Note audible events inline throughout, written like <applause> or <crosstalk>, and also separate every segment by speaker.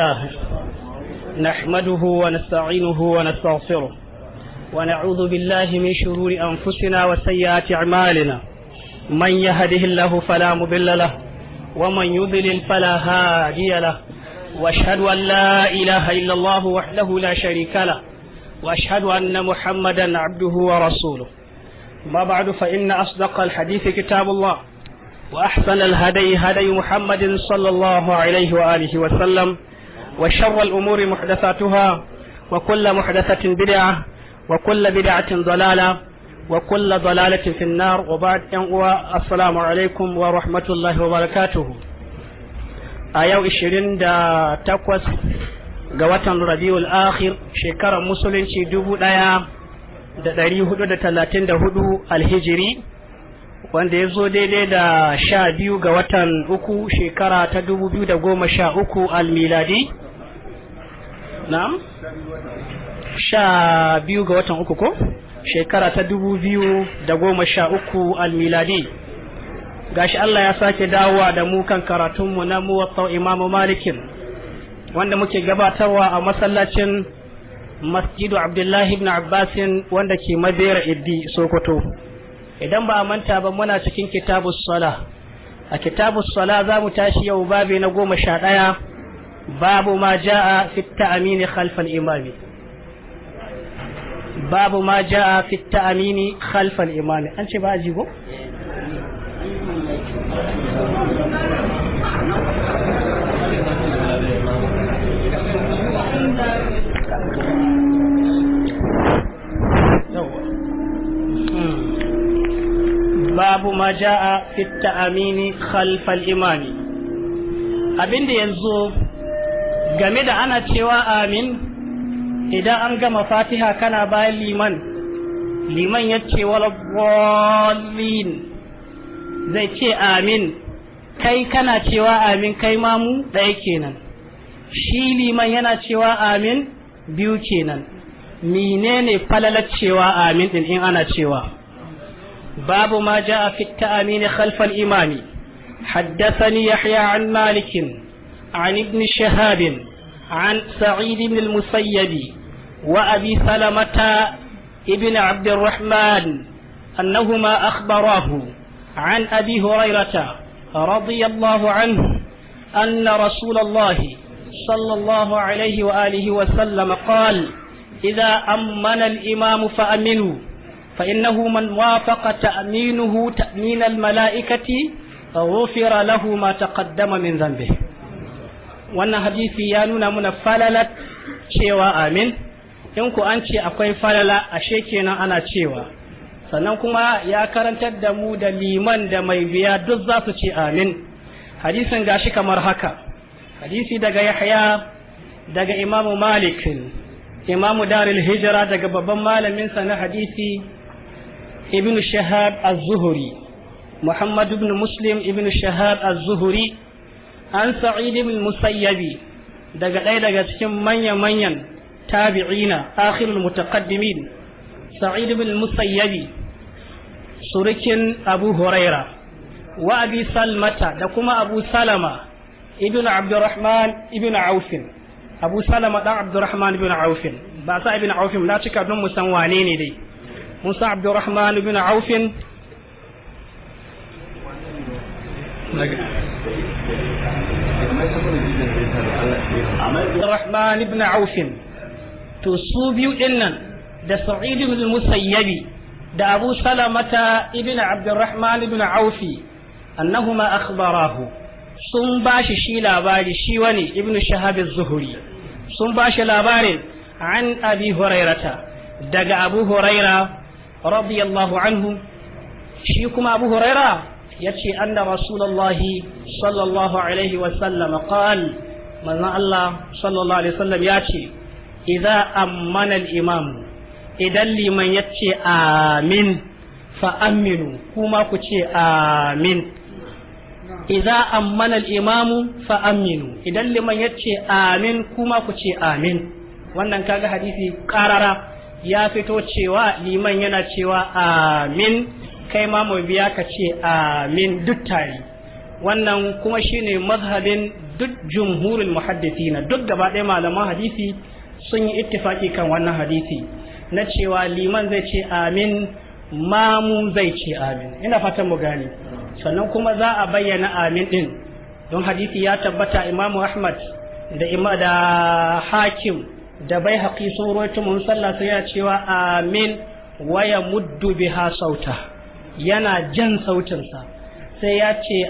Speaker 1: الله نحمده ونستعينه ونستغفره ونعوذ بالله من شرور
Speaker 2: أنفسنا وسيئات أعمالنا من يهده الله فلا مضل له ومن يضلل فلا هادي له واشهد أن لا إله إلا الله وحده لا شريك له واشهد أن محمدا عبده ورسوله ما بعد فإن أصدق الحديث كتاب الله وأحسن الهدي هدي محمد صلى الله عليه وآله وسلم وشر الأمور محدثاتها وكل محدثة بدعة وكل بدعة ضلالة وكل ضلالة في النار وبعد ينقوى السلام عليكم ورحمة الله وبركاته أيو إشرين دا تقوس قواتن ربيع الآخر شكرا مسلم شدوه دايا da ɗari hudu da talatin da hudu alhijiri wanda ya zo daidai da sha biyu ga watan uku shekara ta dubu biyu da goma sha uku almiladi na'am sha biyu ga watan uku ko shekara ta dubu biyu da goma sha uku almiladi gashi Allah ya sake dawowa da mu kan karatunmu na muwatta imamu malikin wanda muke gabatarwa a masallacin masjidu abdullahi ibn abbasin wanda ke madera iddi sokoto idan ba a manta ba muna cikin kitabus sala a kitabu sala za mu tashi yau babi na goma sha ɗaya باب ما جاء في التأمين خلف الإمام باب ما جاء في التأمين خلف الإمام أنت بقى أجيبه باب ما جاء في التأمين خلف الإمام أبين da ya game da ana cewa amin idan an gama fatiha kana bayan liman liman ya ce walabballin zai ce amin kai kana cewa amin kai mamu ɗaya kenan shi liman yana cewa amin biyu kenan menene falalar cewa amin ɗin in ana cewa babu ma ja a fita amini khalfal imami ya ni an malikin عن ابن شهاب عن سعيد بن المسيب وأبي سلمة ابن عبد الرحمن أنهما أخبراه عن أبي هريرة رضي الله عنه أن رسول الله صلى الله عليه وآله وسلم قال إذا أمن الإمام فأمنوا فإنه من وافق تأمينه تأمين الملائكة غفر له ما تقدم من ذنبه wannan hadisi ya nuna muna falala cewa amin in ku an ce akwai falala ashe kenan ana cewa sannan kuma ya karantar da mu da liman da mai biya duk za su ce amin hadisin gashi kamar haka hadisi daga yahya daga imamu malik imamu daril hijira daga babban malaminsa na hadisi ibn shahab az-zuhri muhammad ibn muslim ibn shahab az-zuhri an sa'id ibn musayyabi daga ɗaya daga cikin manyan manyan tabi'ina akhirul mutaqaddimin sa'id ibn musayyabi surukin abu huraira wa abi salmata da kuma abu salama ibn abdurrahman ibn aufin abu salama dan abdurrahman ibn aufin ba sa ibn aufin na cika don mu san wane ne dai musa abdurrahman ibn aufin Rahman ibn Aufin to su biyu din nan da Sa'id ibn Musayyabi da Abu Salamata ibn Abdurrahman ibn Aufi annahuma akhbarahu sun bashi shi labari shi wani ibn Shahab az-Zuhri sun bashi labarin an Abi Hurairata daga Abu Huraira radiyallahu anhu shi kuma Abu Huraira yace anna rasulullahi sallallahu alaihi wa sallam qal manzon Allah sallallahu alaihi wasallam ya ce idza ammana al-imam idan liman yace amin fa aminu kuma ku ce amin idza ammana al-imam fa aminu idan liman yace amin kuma ku ce amin wannan kaga hadisi karara ya fito cewa liman yana cewa amin kai ma mu biya ka ce amin duk tare wannan kuma shine mazhabin duk jumhurul muhaddithina duk gaba ɗaya malaman hadisi sun yi ittifaki kan wannan hadisi na cewa liman zai ce amin mamu zai ce amin ina fatan mu gane sannan kuma za a bayyana amin din don hadisi ya tabbata imamu ahmad da ima da hakim da bai haƙi sun roci mun sallah sai ya cewa amin waya muddu biha sauta yana jan sautinsa sai ya ce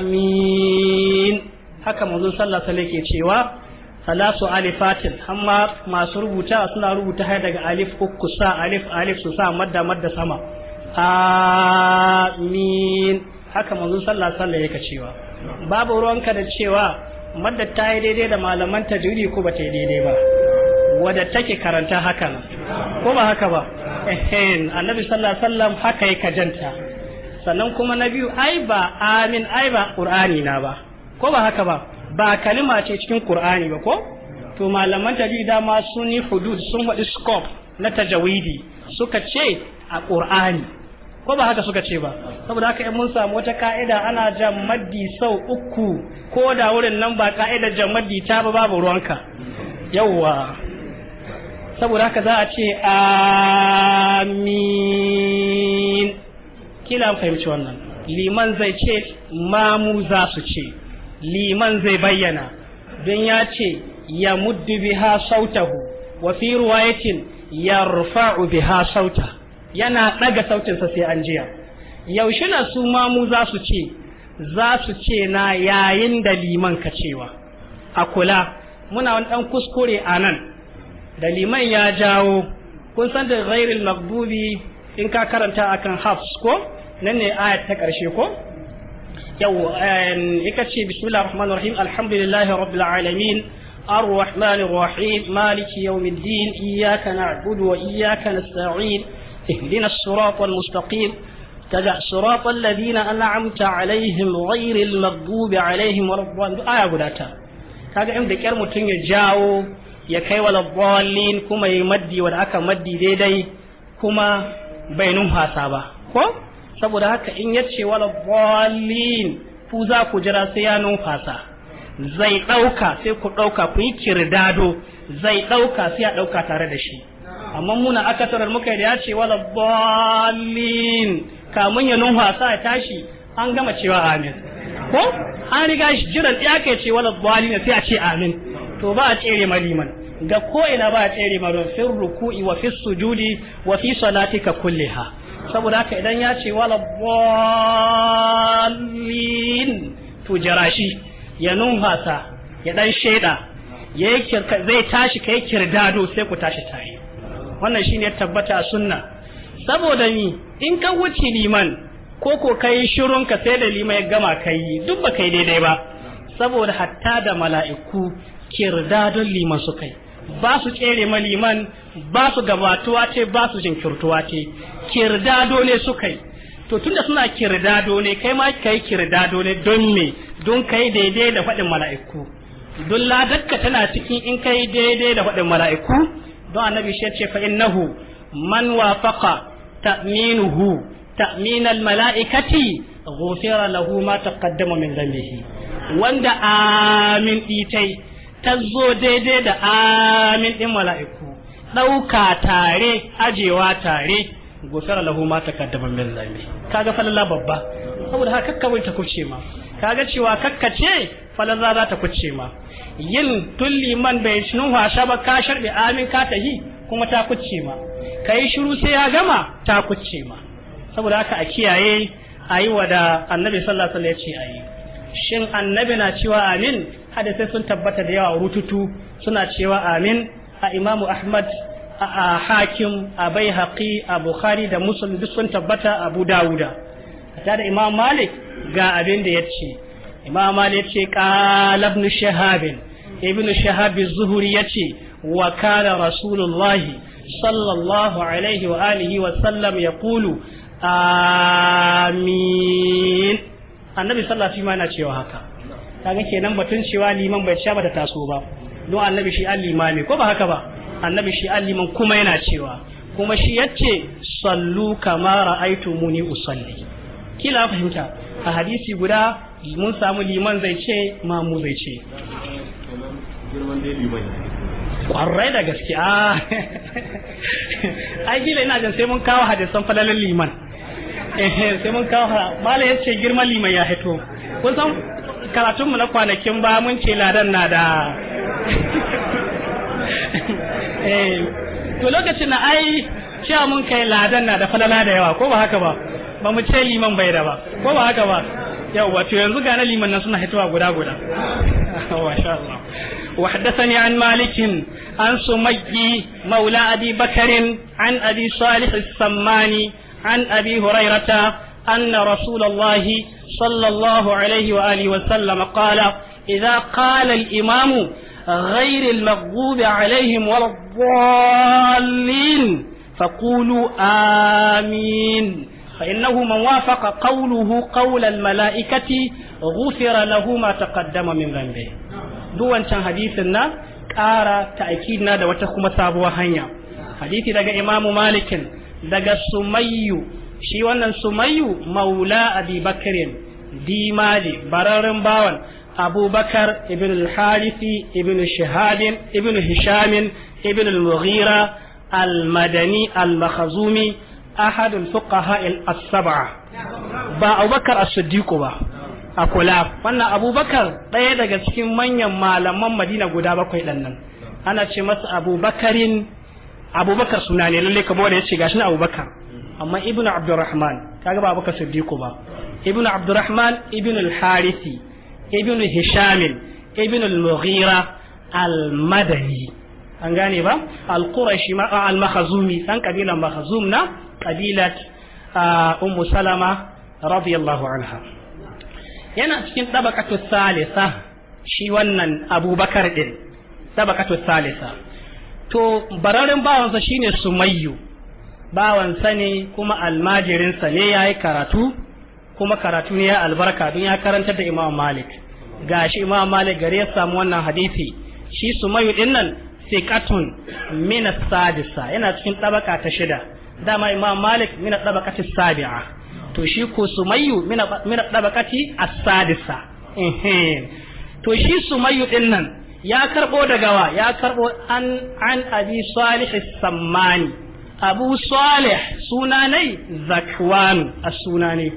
Speaker 2: amin haka manzo sallah sallah ke cewa salasu alifatin amma masu rubuta suna rubuta har daga alif uku sa alif alif su sa madda madda sama amin haka manzo sallah sallah yake cewa babu ruwanka da cewa madda ta yi daidai da malaman tajwidi ko ba ta yi daidai ba wadda take karanta haka ko ba haka ba ehem annabi sallallahu alaihi wasallam haka ya kajanta sannan kuma na biyu ai ba amin ai ba qur'ani na ba ko ba haka ba ba kalima ce cikin qur'ani ba ko to malaman tajwid dama ma suni hudud sun faɗi scope na tajawidi suka ce a qur'ani ko ba haka suka ce ba saboda haka in mun samu wata ka'ida ana jan maddi sau uku ko da wurin nan ba ka'idar jan maddi ta ba babu ruwanka yawwa saboda haka za a ce amin kila an fahimci wannan liman zai ce mamu za su ce liman zai bayyana don ya ce ya muddu biha sautahu wa fi ruwayatin ya rufa'u biha sauta yana ɗaga sautinsa sai an jiya yaushe na su mamu za su ce za su ce na yayin da liman ka cewa a kula muna wani ɗan kuskure a nan daliman ya jawo kun san da ghairil maghdubi in ka karanta akan hafs ko nan ne ayat ta karshe ko yau ika ce bismillahir rahmanir rahim alhamdulillahi rabbil alamin الرحمن الرحيم مالك يوم الدين إياك نعبد وإياك نستعين اهدنا الصراط المستقيم تبع صراط الذين أنعمت عليهم غير المغضوب عليهم ولا الضالين آية غداتا kaga in da kyar mutum ya jawo ya kai wa labbalin kuma ya maddi da aka maddi daidai kuma bai numfasa ba ko saboda haka in ya ce wal ku za ku jira sai ya numfasa zai ɗauka sai ku ɗauka ku yi kirdado zai ɗauka sai ya ɗauka tare da shi amma muna aka tarar muka da ya ce wala ballin kamun ya numfasa ya tashi an gama cewa amin ko an riga shi jiran ya kai ce wa labbalin sai a ce amin to ba a tsere maliman ga ko'ina ina ba tsere ma don fi ruku'i wa fi sujudi wa fi kulle ha. saboda haka idan ya ce wala ballin to jarashi ya numfasa ya dan sheda zai tashi kai kirdado sai ku tashi tare wannan shine ya tabbata sunna saboda ni in ka wuce liman ko ko kai shirun ka sai da liman ya gama kai duk ba kai daidai ba saboda hatta da mala'iku kirdadon liman su kai ba su tsere maliman ba su gabatuwa ce ba su jinkirtuwa ce kirdado ne su kai to tunda suna kirdado ne kai ma kai kirdado ne don me don kai daidai da faɗin mala'iku don ladakka tana cikin in kai daidai da faɗin mala'iku don annabi shi ce fa innahu man wafaqa ta'minuhu ta'min al-mala'ikati ghufira lahu ma taqaddama min dhanbihi wanda amin itai ta zo daidai da amin ɗin mala'iku ɗauka tare ajewa tare gusar lahu ma ta kaddama min zambi kaga falala babba saboda haka kakka ta kuce ma kaga cewa kakkace falala za ta kuce ma yin tulli man bai cinu hasha ba ka sharbi amin ka ta yi kuma ta kuce ma ka yi shiru sai ya gama ta kuce ma saboda haka a kiyaye a yi wa da annabi sallallahu alaihi wasallam ya ce ayi shin annabi na cewa amin hadisai sun tabbata da yawa rututu suna cewa amin a imamu ahmad a hakim a bai haƙi a bukhari da musulun duk sun tabbata abu dawuda ta da imam malik ga abin da ya ce imam malik ce ƙalabnu shahabin ibn shahabi zuhuri ya ce wa kana sallallahu alaihi wa alihi wa sallam ya kulu amin annabi sallallahu alaihi wa cewa haka kaga kenan batun cewa liman bai sha bata taso ba don annabi shi an limami ko ba haka ba annabi shi an liman kuma yana cewa kuma shi yace sallu kama ra'aytumuni usalli kila fahimta a hadisi guda mun samu liman zai ce ma mu zai ce kwarai da gaske a ah. <laughs> ai gila ina jan sai mun kawo hadisan falalin liman <laughs> eh, sai mun kawo mala ya ce girman liman ya hito kun san mu na kwanakin ba mun ce ladan na da
Speaker 1: <laughs>
Speaker 2: eh, to lokacin na ai cewa mun kai ladan na da falala da yawa ko ba haka ba ba mu ce liman bai da ba ko ba haka ba yau wato yanzu gane liman nan suna hitowa guda guda <laughs> oh, masha Allah wa haddathani an malik an sumayyi maula abi bakr an abi salih as-sammani an abi hurairata anna rasulullahi صلى الله عليه وآله وسلم قال إذا قال الإمام غير المغضوب عليهم ولا الضالين فقولوا آمين فإنه من وافق قوله قول الملائكة غفر له ما تقدم من ذنبه دوان كان حديثنا قارا تأكيدنا دوتكم سابوا هنيا حديث دقى إمام مالك دقى السمي شي wannan sumayyu maula abi bakirin dimali bararin bawan abubakar ibn al-harithi ibn shihabin ibn hishamin ibn al-mughira al-madani al-makhazumi ahad fuqaha al-sab'a ba abubakar as-siddiq ba a kula wannan abubakar ɗaya daga cikin manyan malaman madina guda bakwai ɗan nan ana ce masa abubakarin abubakar suna ne lalle kamar ya ce gashi na abubakar amma ibn abdurrahman kaga ba abubakar siddiqu ba ibn abdurrahman Ibinul al-harisi ibn Ibinul ibn al-mughira al-madani an gane san ah, kabilan makhzum na kabilat ah, ummu salama radiyallahu anha yana cikin tabaqatu salisa shi wannan abubakar din tabaqatu salisa to bararin bawansa shine sumayyu bawansa kuma almajirinsa ne yayi karatu kuma karatu ne ya albarka don ya karantar da Imam Malik gashi Imam Malik gare ya samu wannan hadisi shi Sumayu din nan siqatun min sadisa yana cikin tabaka ta shida dama Imam Malik min tabaqati sabi'a to shi ko Sumayu min min tabaqati as-sadisa to shi Sumayu din nan ya karbo daga wa ya karbo an an abi salih sammani abu salih sunanai zakwanu as-sunani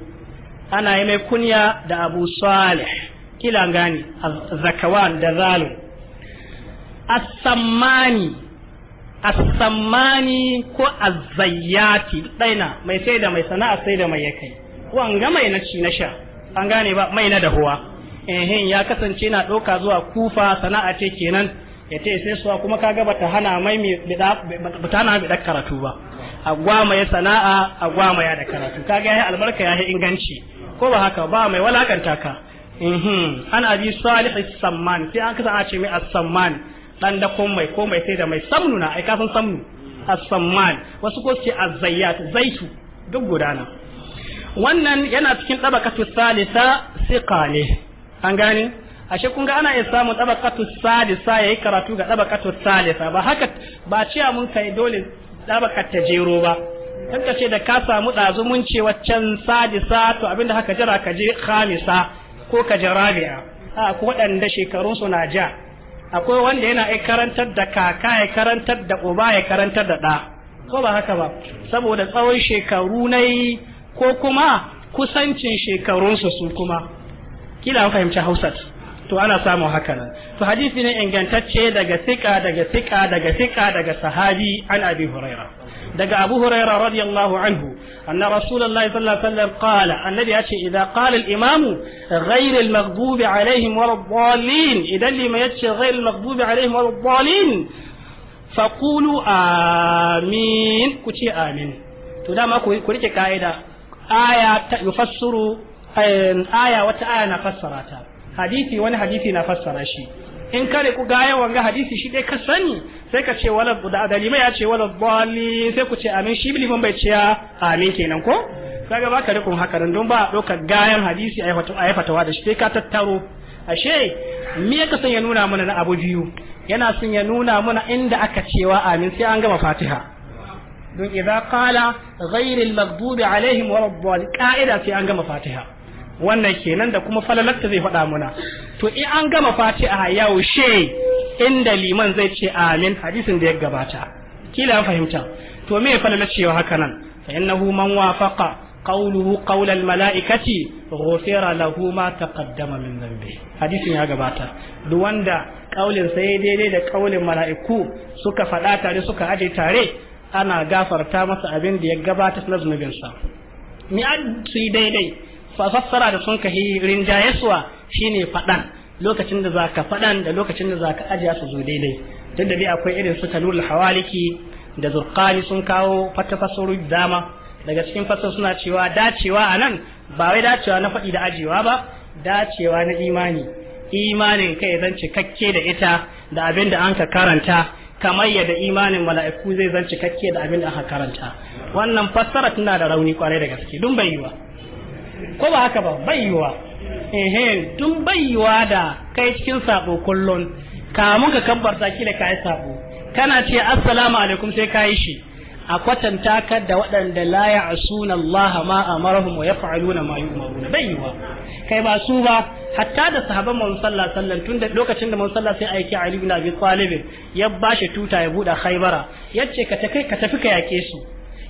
Speaker 2: ana yi mai kunya da abu salih kila gani zakawan da Zalim. asammani asammani ko azayyati daina mai sai da mai sana'a sai da mai ya kai wanga mai na ci na sha an gane ba mai na dahuwa ehin ya kasance na ɗauka zuwa kufa sana'a ce kenan ya ce sai suwa kuma kaga ta hana mai bata hana karatu ba a gwamaya sana'a a gwamaya da karatu kaga yayi albarka yi inganci ko ba haka ba mai walakanta ka mhm an abi salih samman sai an kasa a ce mai as-samman dan da kon mai ko mai sai da mai samnu na ai ka san samnu as-samman wasu ko ce az-zayyat zaitu duk gudana wannan yana cikin tabaqatu salisa siqali an gane ashe kun ga ana iya samun tabaqatu salisa yayi karatu ga tabaqatu salisa ba haka ba ce mun kai dole da baka ta jero ba kan ka ce da ka samu ɗazu mun ce waccan sadisa to abinda haka jira ka je khamisa ko ka je rabi'a a ko waɗanda shekarun su na ja akwai wanda yana ai karantar da kaka ya karantar da uba ya karantar da ɗa ko ba haka ba saboda tsawon shekaru nai ko kuma kusancin shekarunsu su kuma kila an fahimci hausat to ana samun hakanan to hadisi ne ingantacce daga sika daga sika daga sika daga sahabi an abi huraira daga abu huraira radiyallahu anhu anna rasulullahi sallallahu alaihi wasallam qala annabi ya ce idza qala al imam ghayr al maghdubi alaihim wal dhalin idan lima yace ghayr al maghdubi alaihim wal dhalin faqulu amin ku ce amin to dama ku rike kaida aya ta yufassiru eh, aya wata aya na fassara ta hadisi wani hadisi na fassara shi in kare ku ga yawan ga hadisi shi dai ka sani sai ka ce wala da dalima ya ce wala dali sai ku ce amin shi bilifin bai ce amin kenan ko kaga baka rikon haka don ba dokar gayan hadisi a yi fatawa da shi sai ka tattaro ashe me ya kasan ya nuna mana na abu biyu yana son ya nuna mana inda aka cewa amin sai an gama fatiha don idza qala ghayril maghdubi alaihim waladdallin ka'ida sai an gama fatiha wannan kenan da kuma falalarta zai faɗa muna to in an gama fati a yaushe inda liman zai ce amin hadisin da ya gabata kila fahimta to me falalar cewa haka nan fa innahu man wafaqa qawluhu qawl al malaikati ghufira lahu ma taqaddama min dhanbi hadisin ya gabata duk wanda kaulin sai daidai da kaulin mala'iku suka faɗa tare suka aje tare ana gafarta masa abin da ya gabata na zunubinsa ni an su daidai fassara da sun kahi rinjayeswa shine faɗan lokacin da zaka faɗan da lokacin da zaka ajiya su zo daidai duk da bi akwai irin su tanul hawaliki da zurqani sun kawo fata dama daga cikin fasar suna cewa dacewa a nan ba wai dacewa na faɗi da ajiyewa ba dacewa na imani imanin kai zan kakke da ita da abin da an ka karanta kamar yadda imanin mala'iku zai zan kakke da abin da aka karanta wannan fassara tana da rauni kwarai da gaske dun bai yi ba ko ba haka ba bayyuwa ehe tun bayyuwa da kai cikin sabo kullun kamun ka kabbarta kila ka yi sabo kana ce assalamu alaikum sai ka shi a kwatanta ka da waɗanda la ya'suna Allah ma amarahum wa yaf'aluna ma yu'maruna bayyuwa kai ba su ba hatta da sahabban manzon sallallahu alaihi wasallam tun da lokacin da manzon sallallahu sai aiki Ali ibn Abi Talib ya bashi tuta ya buɗe Khaybara yace ka ka tafi ka yake su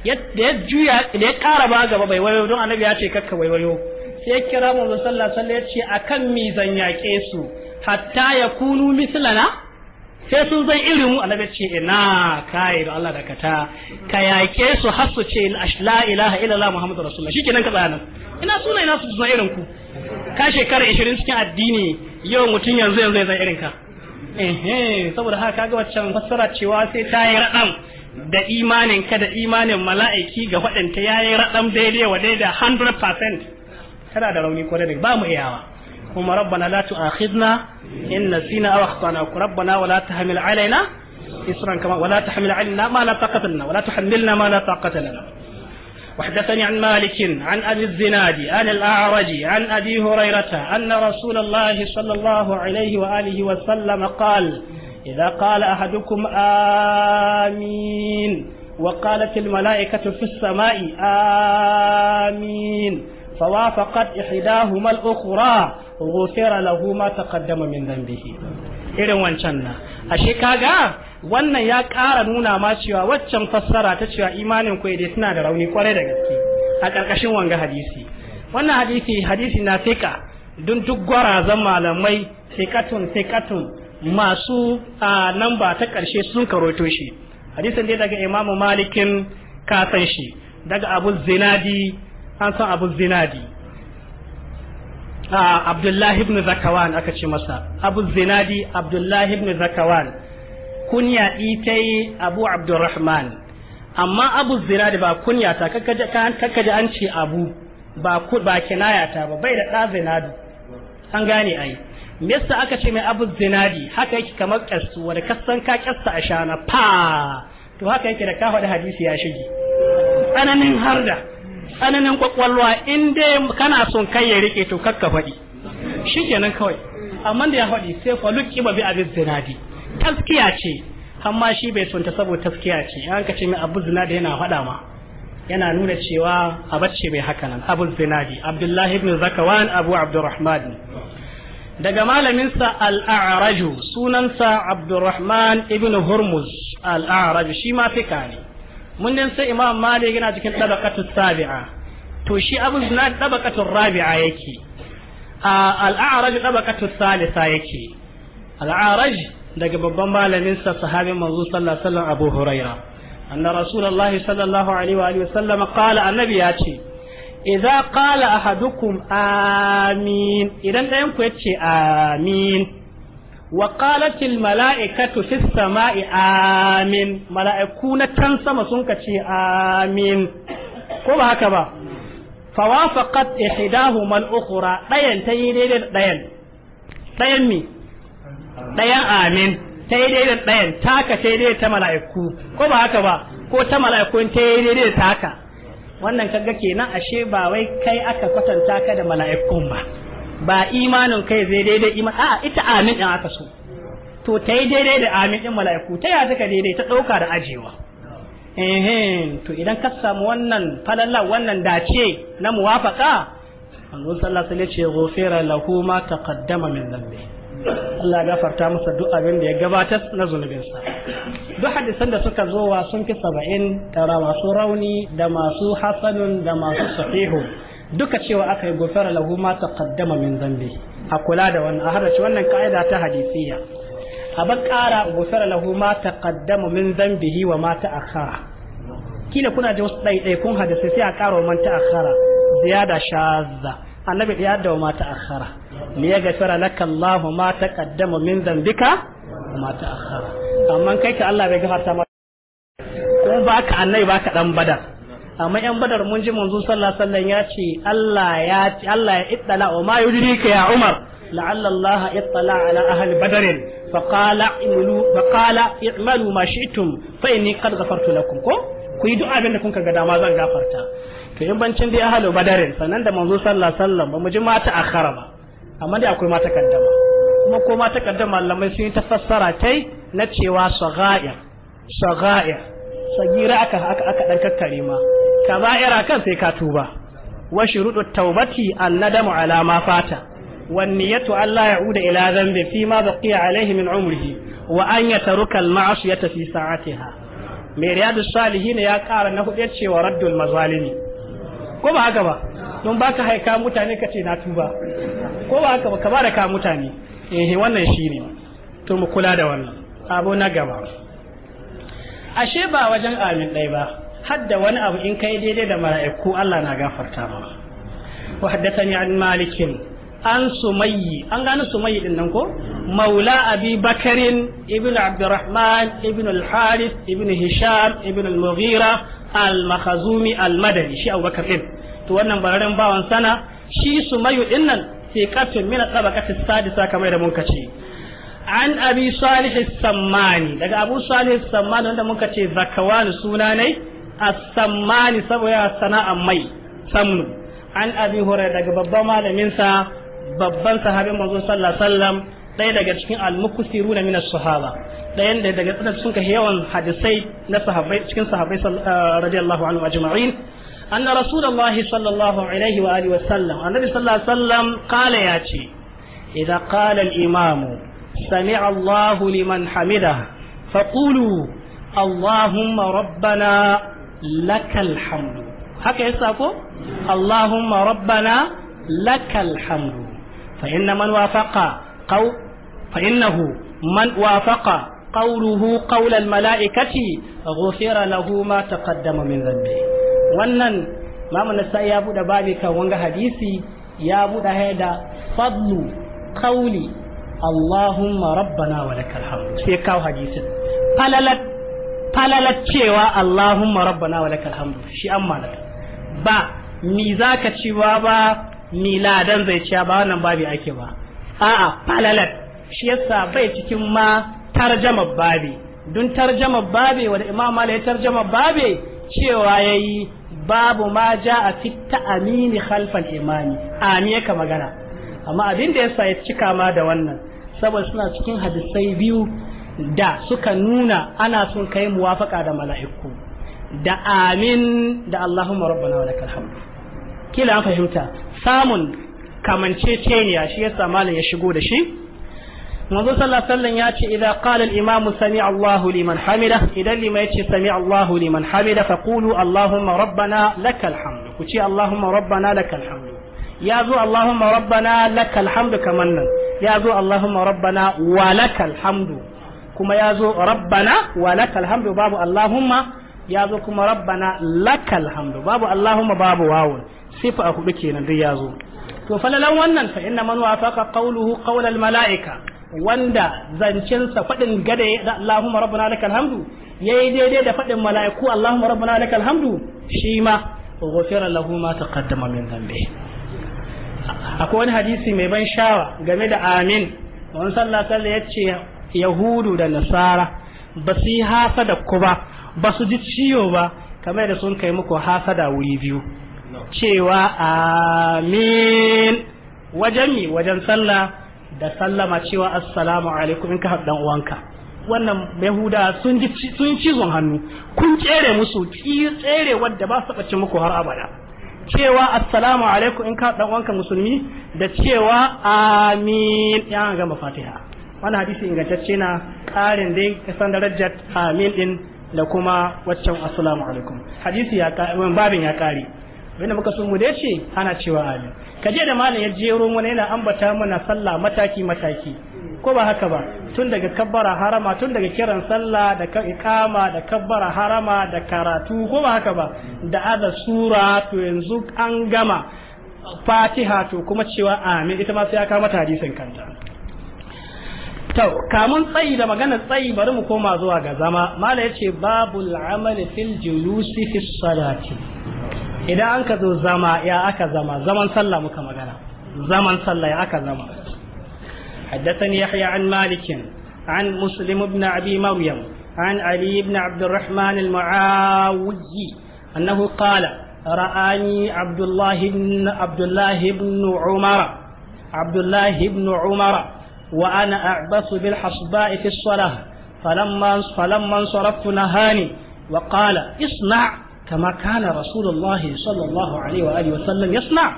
Speaker 2: yadda ya juya da ya ƙara ba gaba bai wayo don annabi ya ce kakka waiwayo sai ya kira mu sallallahu alaihi wasallam ya ce akan mizan yaƙe su hatta ya kunu mislana sai sun zai irin mu annabi ce ina kai da Allah da kata ka yake su har su ce la ilaha illallah muhammadu rasulullah shikenan ka tsaya nan ina suna ina su zuwa irin ku ka shekara 20 cikin addini yau mutum yanzu yanzu ya zai irin ka eh eh saboda haka kaga waccan fassara cewa sai ta yi radan da imanin ka da imanin mala'iki ga waɗanta ya yi raɗan daidai wa daidai 100% kana da rauni ko daidai ba mu iyawa kuma rabbana la tu'akhidna
Speaker 1: in nasina aw
Speaker 2: akhtana rabbana wala tahmil alaina إصرا كما ولا تحمل علينا ما لا طاقة لنا ولا تحملنا ما لا طاقة لنا وحدثني عن مالك عن أبي الزناد عن الأعرج عن أبي هريرة أن رسول الله صلى الله عليه وآله وسلم قال إذا قال أحدكم آمين وقالت الملائكة في السماء آمين فوافقت إحداهما الأخرى غفر له ما تقدم من ذنبه irin wancan na ashe kaga wannan ya ƙara nuna ma cewa waccan fassara ta cewa imanin ku idai suna da rauni kwarai da gaske a ƙarƙashin wanga hadisi wannan hadisi hadisi na fika don duk gwarazan malamai fikatun fikatun masu a nan ba ta ƙarshe sun karoto shi hadisin dai daga imamu malikin kasan shi daga abu zinadi an san abu zinadi a abdullahi ibn zakawan aka ce masa abu zinadi abdullahi ibn zakawan kunya itai abu abdurrahman amma abu zinadi ba kunya ta kakkaji an ce abu ba kinaya ta ba bai da ɗa zinadi an gane ai Mista aka ce mai abu zinadi haka yake kamar kasu wanda kasan ka a shana fa to haka yake da ka faɗi hadisi ya shige
Speaker 1: tsananin harda
Speaker 2: tsananin kwakwalwa in dai kana son kai ya rike to kakka faɗi shikenan kawai amma da ya faɗi sai fa lukki ba bi abin zinadi taskiya ce amma shi bai sonta saboda taskiya ce an ka ce mai abu zinadi yana faɗa ma yana nuna cewa a bace mai haka nan abu zinadi abdullahi ibn zakawan abu abdurrahman daga malaminsa al'araju sunansa abdurrahman ibn hurmuz al'araju shi ma fika ne mun sai imam malik yana cikin tabaqatus sabi'a to shi abu zinad tabaqatur rabi'a yake al'araju tabaqatus salisa yake al'araj daga babban malaminsa sahabin manzo sallallahu alaihi wasallam abu huraira anna rasulullahi sallallahu alaihi wa sallam qala annabi ya ce idza qala ahadukum amin idan ɗayan ku yace amin wa qalatil mala'ikatu fis sama'i amin mala'iku na tan sama sun kace amin ko ba haka ba fawafaqat ihdahuma man ukhra dayan ta yi daidai da dayan dayan mi dayan amin ta yi daidai da dayan taka ta yi daidai ta mala'iku ko ba haka ba ko ta mala'iku ta yi daidai da taka wannan kaga kenan ashe ba wai kai aka kwatanta ka da mala'ikun ba ba imanin kai zai daidai iman a ita amin din aka so to ta yi daidai da amin din mala'iku ta ya ka daidai ta ɗauka da ajewa ehem to idan ka samu wannan falalla wannan dace na muwafaka annabi sallallahu alaihi wasallam ya ce ghufira lahu ma taqaddama min dhanbihi Allah ya gafarta masa duk abin da ya gabatar na zunubinsa duk hadisan da suka zo wa sun fi saba'in tara masu rauni da masu hasanun da masu sahihu duka cewa aka yi gofara lahu ma taqaddama min zambi a kula da wannan a wannan ka'ida ta hadisiya a ban ƙara gofara lahu ma taqaddama min zambihi wa ma ta'akhara kila kuna ji wasu ɗaiɗaikun hadisai sai a ƙara wa man ta'akhara ziyada shazza annabi ya da wa ma ta'akhara liyaghfira laka Allahu ma taqaddama min dhanbika wa ma ta'akhkhara amma kai ka Allah bai gafarta ma ko baka annai baka dan badar amma yan badar mun ji manzo sallallahu alaihi wasallam ya ce Allah ya ce Allah ya ittala wa ma yudrika ya Umar la'alla Allah ittala ala ahli badr fa qala imlu fa qala i'malu ma shi'tum fa inni qad ghafartu lakum ko ku yi du'a abinda kun ga dama zan gafarta to in bancin dai ahli badr sanan da manzo sallallahu alaihi wasallam ba mu ji mata akhara ba amma dai akwai mata kaddama kuma ko mata kaddama malamai sun yi ta fassara tai na cewa sagha'ir sagha'ir sagira aka aka aka dan kakkare ma kaba'ira kan sai ka tuba wa shuruɗu taubati annadamu ala ma fata wan niyatu Allah ya'uda ila dhanbi fi ma baqiya alayhi min umrihi wa an yataruka al ma'siyata fi sa'atiha mai riyadu salihin ya kara na hudu cewa raddul mazalimi ko ba haka ba don baka haika mutane kace na tuba ko ba haka ba ka ka mutane eh wannan shine to mu kula da wannan abu na gaba ashe ba wajen amin ɗai ba hadda wani abu in kai daidai da mala'iku Allah na gafarta ma wa haddathani an malikin an sumayyi an gano sumayyi din nan ko maula abi bakarin ibn abdurrahman ibn al-harith ibn hisham ibnu al-mughira al-makhazumi al-madani shi abubakar din to wannan bararen bawan sana shi sumayyu din nan thiqatun min at sadisa kamar da muka ce an abi salih sammani daga abu salih as-sammani wanda muka ce zakawan suna ne as-sammani saboda sana'an mai samnu an abi hurairah daga babban malamin babban sahabin manzo sallallahu alaihi wasallam ɗaya daga cikin al min as-sahaba ɗayan daga cikin yawan hadisai na sahabbai cikin sahabbai radiyallahu anhu ajma'in أن رسول الله صلى الله عليه وآله وسلم النبي صلى الله عليه وسلم قال ياتي إذا قال الإمام سمع الله لمن حمده فقولوا اللهم ربنا لك الحمد هكا يسأكو اللهم ربنا لك الحمد فإن من وافق قو فإنه من وافق قوله قول الملائكة غفر له ما تقدم من ذنبه wannan mamun nasai ya buɗe babi kan wanga hadisi ya buɗe haya da fadlu kauli Allahumma rabbana wa lakal hamdu sai kawo hadisin falalat falalat cewa Allahumma rabbana wa lakal hamdu shi an malata ba mi zaka cewa ba mi ladan zai ciya ba wannan babi ake ba a'a falalat shi yasa bai cikin ma tarjama babi dun tarjama babi wanda imam mala ya tarjama babi. cewa yi babu ma ja a fi amini khalfal imani ami yaka magana amma abin da yasa ya cika ma da wannan saboda suna cikin hadisai biyu da suka nuna ana sun kai muwafaka da mala'iku da amin da Allahumma rabbana wa lakal hamd kila an fahimta samun kamance kamanceceniya shi yasa malam ya shigo da shi manzo sallallahu alaihi ya ce idan qala al-imamu sami Allahu liman hamida idan lima yace sami Allahu liman hamida fa qulu Allahumma rabbana lakal hamdu ku ce Allahumma rabbana lakal hamdu ya zo Allahumma rabbana lakal hamdu kaman nan ya zo Allahumma rabbana wa lakal hamdu kuma ya zo rabbana wa lakal hamdu babu Allahumma ya zo kuma rabbana lakal hamdu babu Allahumma babu wawun sifa a hudu kenan duk ya zo to falalan wannan fa inna man wafaqa qawluhu qawla al mala'ika wanda zancensa faɗin gada ya Allahumma rabbana lakal hamdu yayi daidai da faɗin mala'iku Allahumma rabbana lakal hamdu shi ma ghufira lahu ma taqaddama min dhanbi akwai wani hadisi mai ban shawa game da amin wani sallah sallah ya ce yahudu da nasara ba su yi hasada ku ba ba su ji ciwo ba kamar da sun kai muku hasada wuri biyu cewa amin wajen mi wajen sallah da sallama cewa assalamu alaikum in ka haɗu dan uwanka wannan yahuda sun ji sun cizon hannu kun tsere musu tsere wadda ba su ɓace muku har abada cewa assalamu alaikum in ka dan uwanka musulmi da cewa amin ya gama fatiha wannan hadisi ingantacce na ƙarin dai kasan darajar amin din da kuma waccan assalamu alaikum hadisi ya babin ya ƙare abinda muka sun mu ce ana cewa amin kaje da malam ya jero mana yana ambata mana sallah mataki mataki ko ba haka ba tun daga kabbara harama tun daga kiran sallah da ikama da kabbara harama da karatu ko ba haka ba da ada sura to yanzu an gama fatiha to kuma cewa amin ita ma sai ya kama hadisin kanta To, kamun tsayi da magana tsayi bari mu koma zuwa ga zama, ya ce, Babul amali fil julusi fi salati. idan an ka zo zama ya aka zama zaman sallah muka magana zaman sallah ya aka zama حدثني يحيى عن مالك عن مسلم بن أبي مريم عن علي بن عبد الرحمن المعاوي أنه قال رآني عبد الله بن عبد الله بن عمر عبد الله بن عمر وأنا أعبث بالحصباء في الصلاة فلما فلما انصرفت نهاني وقال اصنع كما كان رسول الله صلى الله عليه وآله وسلم يصنع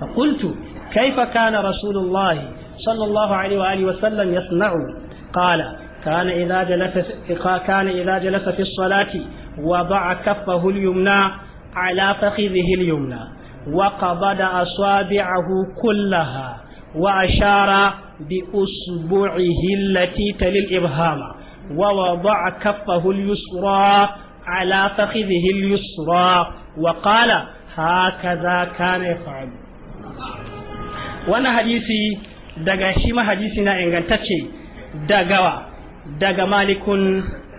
Speaker 2: فقلت كيف كان رسول الله صلى الله عليه وآله وسلم يصنع قال كان إذا جلس كان إذا جلس في الصلاة وضع كفه اليمنى على فخذه اليمنى وقبض أصابعه كلها وأشار بأصبعه التي تلي الإبهام ووضع كفه اليسرى على فخذه اليسرى وقال هكذا كان يفعل وانا حديثي daga shi ma na ingantacce dagawa daga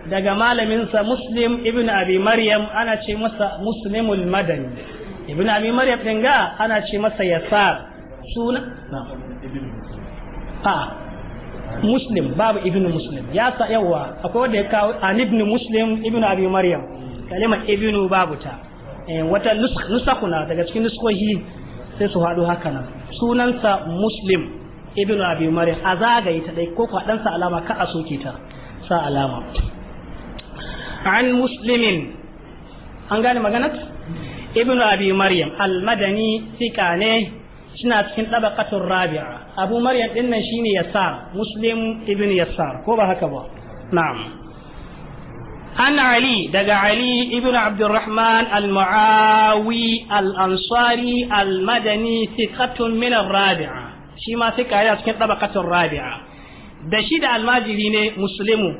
Speaker 2: daga malaminsa muslim ibn abi maryam ana ce masa muslimul madani ibn abi maryam din ga ana ce masa yasar suna na muslim babu ibnu muslim ya sa yawa akwai wanda ya kawo an ibnu muslim ibnu abi maryam kalimar ibnu babu ta eh, wata nusakuna daga cikin nuskohi sai su haɗu haka nan sunansa muslim ibnu abi maryam a zagaye ta dai ko ɗansa alama ka a soke ta sa alama an muslimin an gane maganar ibnu abi maryam almadani sika ne suna cikin tabaqatur rabi'a abu maryam din nan shine yasar muslim ibn yasar ko ba haka ba na'am an ali daga ali ibn abdurrahman al-muawi al-ansari al-madani thiqatun min ar-rabi'a shi ma thiqa ya cikin tabaqatur rabi'a da shi da almajiri ne muslimu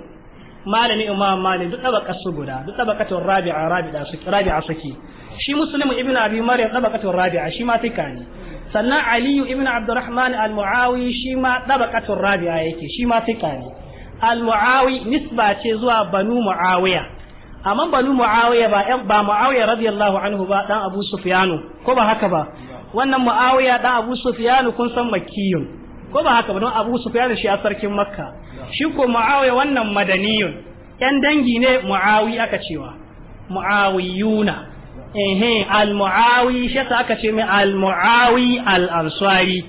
Speaker 2: malami imam malik duk tabaqar su guda duk tabaqatur rabi'a rabi'a suke shi muslim ibn abi maryam dabaqatul rabi'a shi ma tika sannan aliyu ibn abdurrahman al-muawi shi ma dabaqatul rabi'a yake shi ma tika al-muawi nisba ce zuwa banu muawiya amma banu muawiya ba ba muawiya radiyallahu anhu ba dan abu sufyanu ko ba haka ba wannan muawiya dan abu sufyanu kun san makkiyun ko ba haka ba don abu sufyanu shi a sarkin makka shi ko muawiya wannan madaniyun yan dangi ne muawi aka cewa muawiyuna ehe al-mu'awi shi yasa aka ce mai al-mu'awi al-ansari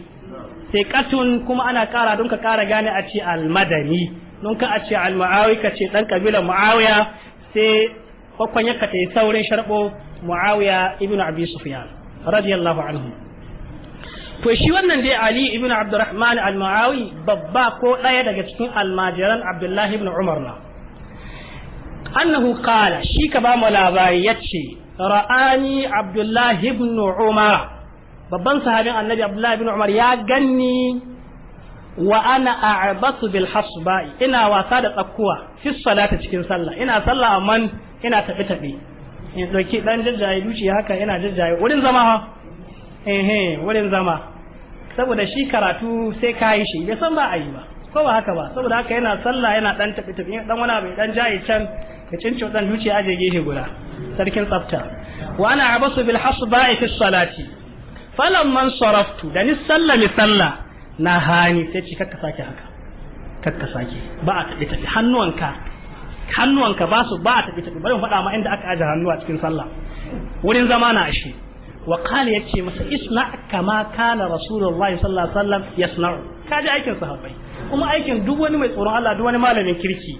Speaker 2: sai katun kuma ana kara don ka kara gane a ce al-madani don ka a ce al-mu'awi ka ce dan kabilar mu'awiya sai kwakwan yaka ta yi saurin sharbo mu'awiya ibn abi sufyan radiyallahu anhu to shi wannan dai ali ibn abdurrahman al-mu'awi babba ko daya daga cikin almajiran abdullahi ibn umar na annahu qala shi ka ba mu labari yace ra'ani abdullahi ibn umar babban sahabin annabi abdullahi ibn umar ya ganni wa ana a'basu bil hasba'i ina wasa da tsakkuwa fi salata cikin sallah ina sallah amma ina tafi tafi in dauki dan jajjaye duci haka ina jajjaye wurin zama ha eh wurin zama saboda shi karatu sai ka yi shi bai san ba a yi ba ko ba haka ba saboda haka yana sallah yana dan tafi tafi dan wani abu dan jaye can ka cince dan duci aje gehe guda sarkin tsafta wa ana abasu bil hasba fi salati man saraftu da ni sallami sallah na hani sai ce kakka sake haka kakka sake ba a tafi tafi hannuwanka hannuwanka ba su ba a tafi tafi bari mu faɗa ma inda aka aje hannuwa cikin sallah wurin zama na ashe wa qala yace masa isna kama kana rasulullahi sallallahu alaihi wasallam yasna'u kaji aikin sahabbai kuma aikin duk wani mai tsoron Allah duk wani malamin kirki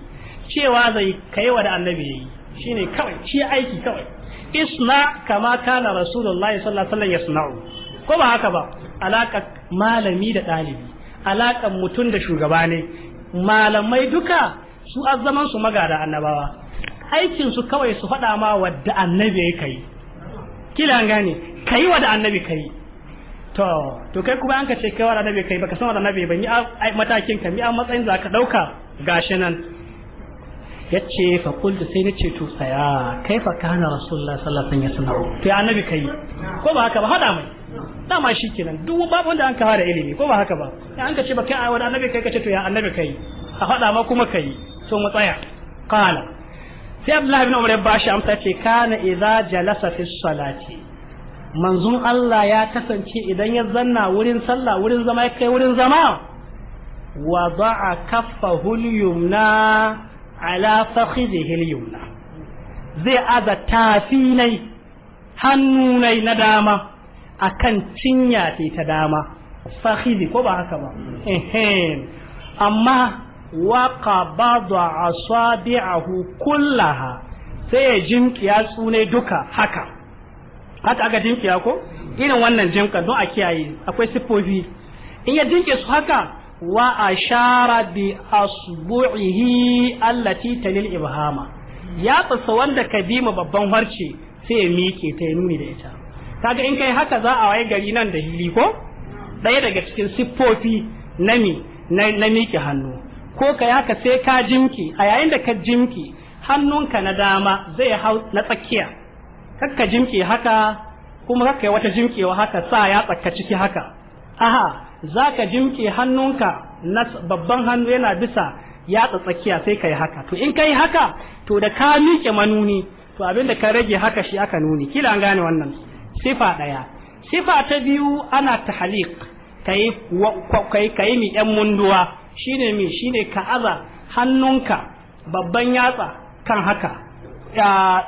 Speaker 2: cewa zai kai wa da annabi yayi shine kawai shi aiki kawai isna kama kana rasulullahi sallallahu alaihi wasallam yasna'u ko ba haka ba alaka malami da ɗalibi alakan mutum da shugaba ne malamai duka su azzaman su magada annabawa aikin su kawai su faɗa ma wadda annabi ya kai kila gane kai wadda annabi kai to to kai kuma an ka ce kai wadda annabi kai baka san wadda annabi ba ni matakin ka mi a matsayin za ka ɗauka gashi nan Ya ce fa qultu sai na ce to tsaya kaifa kana rasulullah sallallahu alaihi wasallam to ya annabi kai ko ba haka ba hada mai dama shikenan duk babu wanda an ka da ilimi ko ba haka ba Ya an ka ce ba kai wani annabi kai ka ce to ya annabi kai a hada ma kuma kai so mu tsaya qala sai abdullahi bin umar ya bashi amsa ce kana idza jalasa fi salati manzon Allah ya kasance idan ya zanna wurin sallah wurin zama ya kai wurin zama wada'a kaffahu al-yumna ala fakhidhihi al-yumna zai aza tafinai hannunai na dama akan cinya ce ta dama fakhidhi ko ba haka ba amma wa qabada asabi'ahu kullaha sai ya jinkiya tsune duka haka haka aka jinkiya ko irin wannan jinka don a kiyaye akwai siffofi in ya jinke su haka wa ashara bi asbu'ihi allati talil ibhama ya tsasa wanda ka bi babban harce sai ya miƙe ta nuni da ita kaga in kai haka za a waye gari nan da hili ko ɗaya daga cikin siffofi na na miƙe hannu ko kai haka sai ka jimki a yayin da ka jimki hannunka na dama zai hau na tsakiya kakka jimki haka kuma kakka wata jimkewa haka sa ya tsakka ciki haka aha za ka jimke hannunka na babban hannu yana bisa ya tsakiya sai ka yi haka to in ka yi haka to da ka miƙe manuni to abinda ka rage haka shi aka nuni kila an gane wannan sifa ɗaya sifa ta biyu ana tahaliq kai kai kai mi ɗan munduwa shine mi shine ka aza hannunka babban yatsa kan haka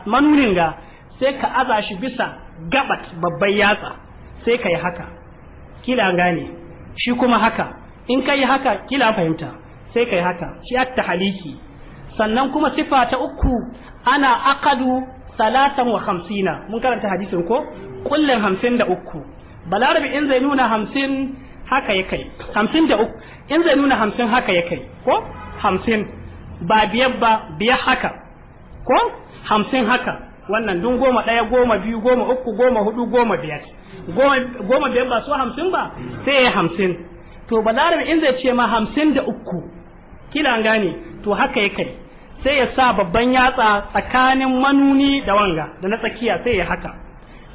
Speaker 2: manunin ga sai ka aza shi bisa gabat babban yatsa sai ka yi haka kila an gane shi kuma haka in kai haka kila fahimta sai kai haka shi atta haliki sannan kuma sifa ta uku ana aqadu salatan wa hamsina mun karanta hadisin ko kullun hamsin da uku balarabi in zai nuna hamsin haka ya kai hamsin da uku in zai nuna hamsin haka ya kai ko hamsin ba biyar ba biyar haka ko hamsin haka wannan dun goma ɗaya goma biyu goma uku goma hudu goma biyar goma biyar ba su hamsin ba sai ya yi hamsin to balarabe in zai ce ma hamsin da uku kila gane to haka ya kai sai ya sa babban yatsa tsakanin manuni da wanga da na tsakiya sai ya haka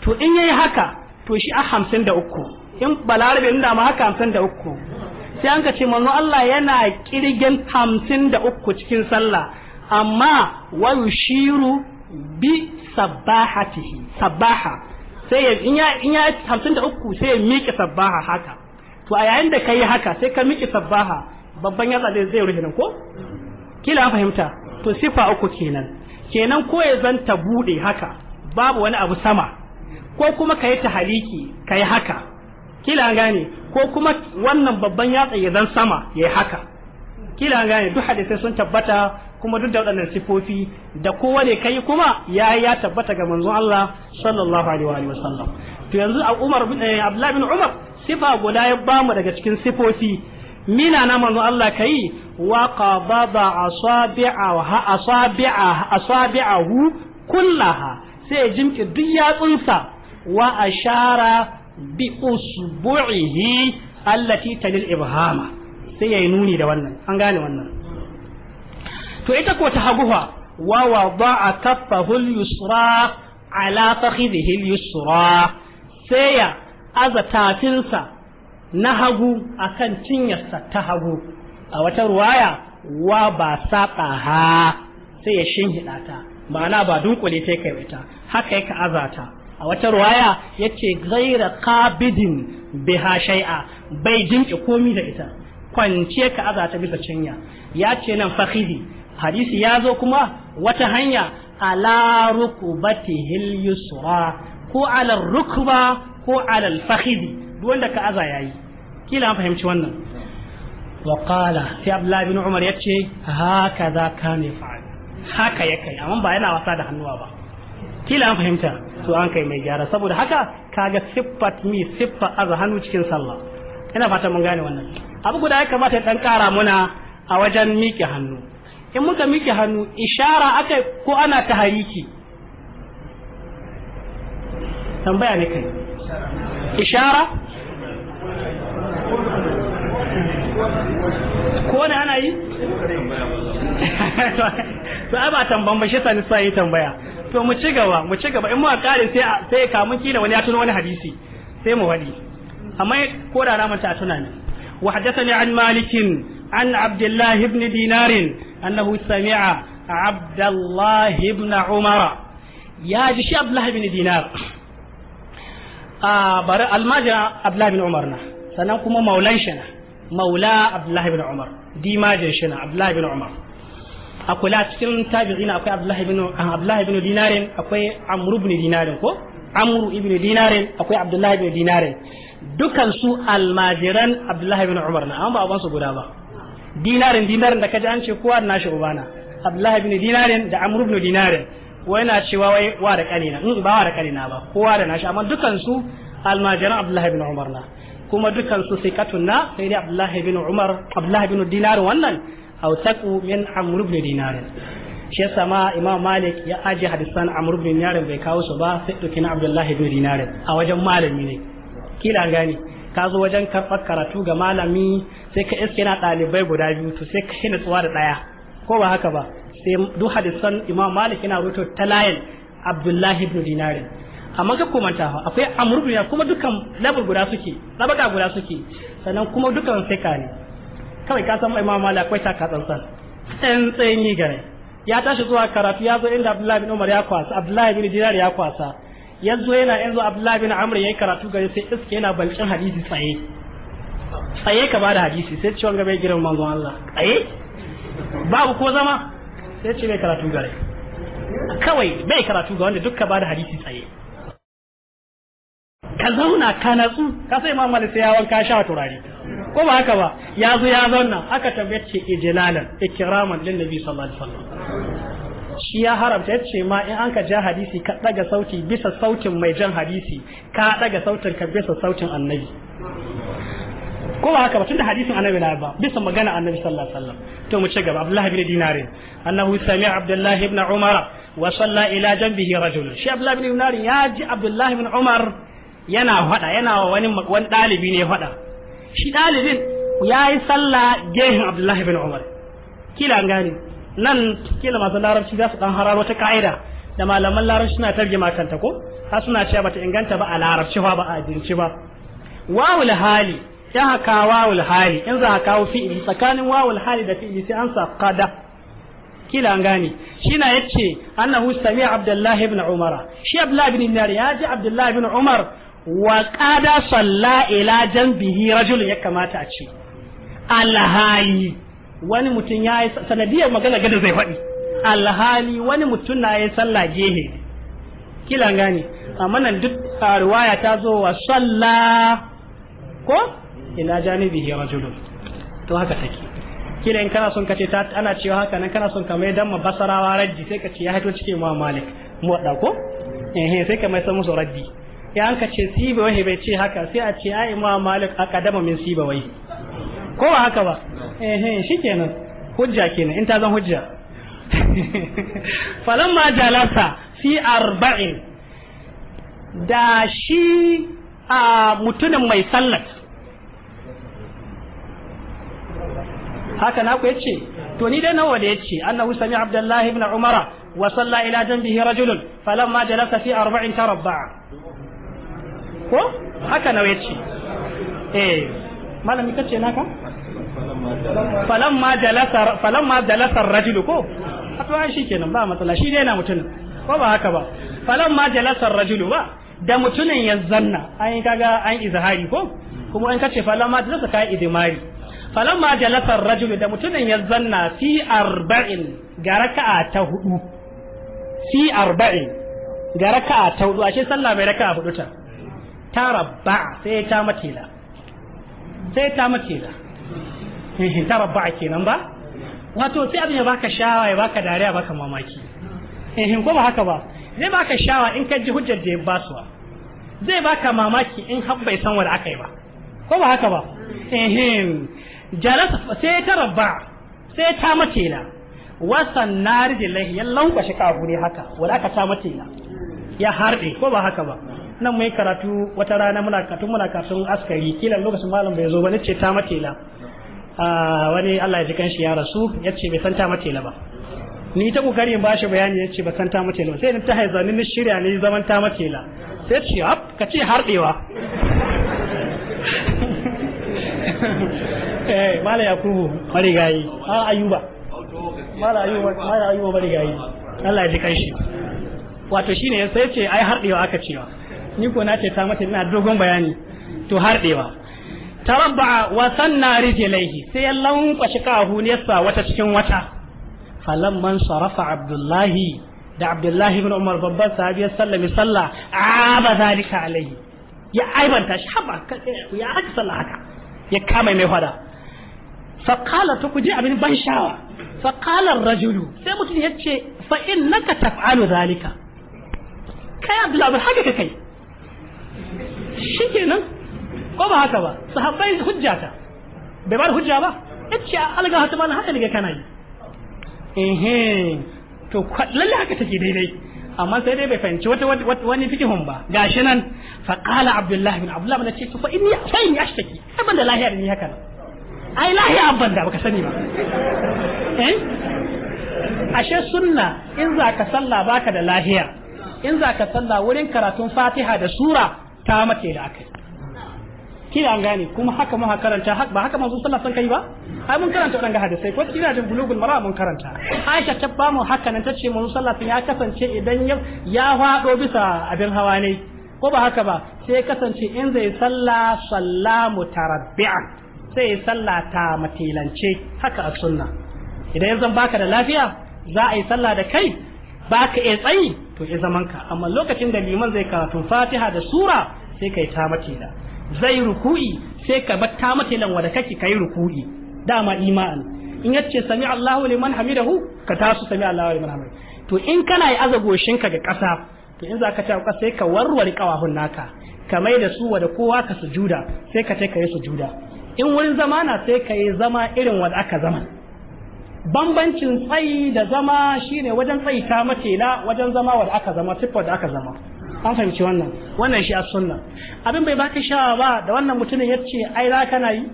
Speaker 2: to in ya yi haka to shi a hamsin da uku in balarabe inda ma haka hamsin da uku sai an ka ce manu Allah yana kirgin hamsin da uku cikin sallah amma wa shiru bi sabahatihi sabaha sai ya in ya in ya uku sai ya miƙe sabbaha haka to a yayin da kai haka sai ka miƙe sabbaha babban yatsa zai zai rufe nan ko kila fahimta to sifa uku kenan kenan ko ya zanta bude haka babu wani abu sama ko kuma kai ta haliki kai haka kila gane ko kuma wannan babban yatsa ya zan sama yayi haka kila gane duk hadisai sun tabbata kuma duk da waɗannan sifofi da kowane kai kuma ya ya tabbata ga manzon Allah sallallahu alaihi wa sallam to yanzu a Umar eh, Abdullah bin Umar sifa guda ya bamu daga cikin sifofi mina na manzon Allah kai wa qabada asabi'a asabi'a asabi'ahu kullaha sai ya jimke duk yatsunsa wa ashara bi usbu'ihi allati talil ibhama sai ya yi nuni da wannan an gane wannan to ita ko ta haguwa wa wada'a a kafa yusra ala fakhidhihi al-yusra sai ya aza tafinsa na hagu akan cinyarsa ta hagu a wata ruwaya wa ba ha sai ya shinhiɗa ta ma'ana ba dunkule ta kai ita haka yake azata a wata ruwaya yace gaira qabidin biha shay'a bai jinki komi da ita kwance ka azata bisa cinya ya ce nan fakhidi hadisi ya zo kuma wata hanya ala Rukubati yusra ko ala rukba ko ala fakhidi duk wanda ka aza yayi kila an fahimci wannan wa qala sai abdullahi bin umar yace haka za ka ne fa'al haka ya kai amma ba yana wasa da hannuwa ba kila an fahimta to an kai mai gyara saboda haka kaga siffat mi siffa aza hannu cikin sallah ina fata mun gane wannan abu guda ya kamata ya dan kara muna a wajen miƙe hannu in muka miki hannu ishara aka ko ana ta hariki. tambaya ne kai ishara ko ne ana yi <laughs> to ai ba tamban ba shi sani sai tambaya to mu ci gaba mu ci gaba in muka kare sai sai kamun kina wani ya tuna wani hadisi sai mu wani amma ko da ramanta a tuna ne wa haddathani an malikin عن عبد الله بن دينار أنه سمع عبد الله بن عمر يا جشي عبد الله بن دينار آه بر الماجا عبد الله بن عمرنا سنكم مولاي شنا مولا عبد الله بن عمر دي ماجا شنا عبد الله بن عمر أقول لا تكن تابعين أقول عبد الله بن عبد الله بن دينار أقول عمرو بن دينار كو عمرو بن دينار أقول عبد الله بن دينار دكان سو الماجران عبد الله بن عمر نعم أبو أبو سبودا dinarin dinarin da kaji an ce kowa na shi ubana abdullahi bin dinarin da amr ibn dinarin wa yana cewa wai wa da kanina in ba wa da kanina ba kowa da nashi amma dukan su almajiran abdullahi bin umar na kuma dukan su sai katunna sai dai abdullahi bin umar abdullahi bin dinar wannan aw taqu min amr ibn dinarin shi yasa ma imam malik ya aje hadisan amr ibn dinarin bai kawo su ba sai dukin abdullahi bin dinarin a wajen malami ne kila gani ka zo wajen karɓar karatu ga malami sai ka iske na ɗalibai guda biyu to sai ka hina tsuwa da ɗaya ko ba haka ba sai duk hadisan imam malik yana rubuta talayin abdullahi ibn dinari amma ka komanta fa akwai amru ya kuma dukan labar guda suke tabaka guda suke sannan kuma dukan fika ne kawai ka san imam malik akwai taka tsantsan tsayin ni gare ya tashi zuwa karatu ya zo inda abdullahi bin umar ya kwasa abdullahi bin dinari ya kwasa yanzu yana yanzu abdullahi bin amr yayi karatu gare sai iske yana balcin hadisi tsaye tsaye ka bada hadisi sai ciwon gaba ya girin manzon Allah tsaye babu ko zama sai ce bai karatu gare kawai bai karatu ga wanda dukka bada hadisi tsaye ka zauna ka natsu ka sai imam malik sai ya wanka sha turare ko ba haka ba ya zo ya zauna aka tabbace ijlalan ikraman lin nabi sallallahu alaihi wasallam shi ya haramta ya ce ma in an ka ja hadisi ka ɗaga sauti bisa sautin mai jan hadisi ka ɗaga sautin ka bisa sautin annabi ko ba haka ba tunda hadisin annabi na ba bisa magana annabi sallallahu alaihi wasallam to mu ci gaba abdullahi bin dinarin annahu sami abdullahi ibn umar wa salla ila janbihi rajul shi abdullahi bin dinarin ya ji abdullahi bin umar yana fada yana wani wani dalibi ne fada shi dalibin yayi sallah gehen abdullahi bin umar kila an gane nan kila masu larabci za su dan hararo ta ka'ida da malaman larabci suna tarjima kanta ko har suna cewa bata inganta ba a larabci ba ba a addinci ba wawul hali ya haka wawul hali in za ka kawo fi'ili tsakanin wawul hali da fi'ili sai an sa qada kila an gane shi na yace annahu sami'a Abdullahi ibn umara shi abdullah ibn umar ya ji Abdullahi ibn umar wa qada salla ila janbihi rajul ya kamata a ce alhali wani mutum ya yi sanadiyar magana gada zai faɗi alhali wani mutum na yi sallah jehe kila gani amma nan duk riwaya ta zo wa sallah ko Ina janibi ya rajulu to haka take kila in kana son kace ta ana cewa haka nan kana son kama mai dan basarawa raddi sai ka ce ya haito cikin ma malik mu da ko eh sai ka mai san musu raddi ya an ka ce siba bai ce haka sai a ce ai ma malik akadama min sibawai wai ko ba haka ba eh eh shikenan hujja kenan in ta zan hujja Falon <laughs> falamma jalasa fi arba'in da shi a mutumin mai sallat haka na ku yace to ni dai nawa da yace annahu sami abdullahi ibn umara wa salla ila janbihi rajulun falamma jalasa fi arba'in tarabba'a
Speaker 3: ko haka nawa yace
Speaker 2: eh malami kace naka falon ma jalasar rajulu ko to ai kenan ba matsala shi ne na mutumin ko ba haka ba falon ma jalasar rajulu ba da mutumin ya zanna an kaga an izahari ko kuma an kace ma jalasar kayan idimari falon ma jalasar rajulu da mutumin ya zanna fi arba'in ga raka'a ta hudu fi arba'in ga raka'a ta hudu ashe sallah mai raka'a hudu ta ta rabba sai ta matila sai ta matila ta a kenan ba wato sai abin ya baka shawa ya baka dariya baka mamaki eh ko ba haka ba zai baka shawa in ka ji hujjar da ya basuwa zai baka mamaki in har bai san wanda aka yi ba ko ba haka ba eh jalasa sai ta rabba sai ta mace na wasan nari da lahi ya lankwashe abu ne haka wanda aka ta mace na ya harɗe ko ba haka ba nan mai karatu wata rana muna katun muna katun askari kila lokacin malam bai zo ba nace ta mace na Ah, wani Allah ya ji kanshi ya rasu ya ce bai santa mace ba ni ta kokarin ba shi bayani ya ce ba santa mace ba sai ta haiza ni shirya ne zaman ta mace la sai ce hap ka ce harɗewa
Speaker 1: <laughs> eh
Speaker 2: mala yakubu marigayi a ah, ayuba mala ayuba mala ayuba marigayi Allah ya ji kanshi wato shine sai ce ai harɗewa aka cewa ni ko na ce ta mace ina dogon bayani to harɗewa tarabba wa sanna rijlaihi sai ya lankwashi kahuniyarsa wata cikin wata falamman sarafa abdullahi da abdullahi ibn umar babban sahabi ya sallami sallah aba zalika alaihi ya aibanta shi haba eh, ya aka sallah haka ya kama mai fada faqala to kuje abin ban shawa faqala ar-rajulu sai mutum ya ce fa innaka taf'alu zalika kai abdullahi haka kai shikenan ko ba haka ba sahabbai hujjata bai ba da hujja ba yace ah, alga hata na haka daga kana yi eh to lalle haka take daidai amma sai dai bai fahimci wata wani fikihun ba gashi nan fa qala abdullahi bin abdullah bin ce fa inni fa inni ashtaki abin da lahiya ni haka ai lahiya abban da baka sani ba eh ashe sunna in za ka sallah baka da lahiya in za ka sallah wurin karatun fatiha da sura ta mace da akai kila an gane kuma haka muka karanta ba haka manzo sallallahu alaihi kai ba ai mun karanta wadanga hadisai ko kila jin bulugul mara mun karanta Aisha ta ba mu haka nan tace manzo sallallahu alaihi ya kasance idan ya ya fado bisa abin hawa ne ko ba haka ba sai kasance in zai salla sallamu tarabbi'a sai salla ta matilance haka a sunna idan yanzu baka da lafiya za a yi sallah da kai baka iya tsayi to ya zamanka amma lokacin da liman zai karatu Fatiha da sura sai kai ta matila zai ruku'i sai ka batta mata lan wada kake kai ruku'i dama iman in yace sami Allahu liman hamidahu ka tasu sami Allahu liman hamidahu to in kana yi azagoshin ka ga ƙasa to in ka ta sai ka warware kawahun naka ka mai da su wada kowa ka sujuda sai ka ta kai sujuda in wurin zama na sai ka yi zama irin wanda aka zama bambancin tsayi da zama shine wajen tsayi ta matela wajen zama wanda aka zama siffar da aka zama an fahimci wannan wannan shi as sunna abin bai baka shawa ba da wannan mutumin ya ce ai za kana yi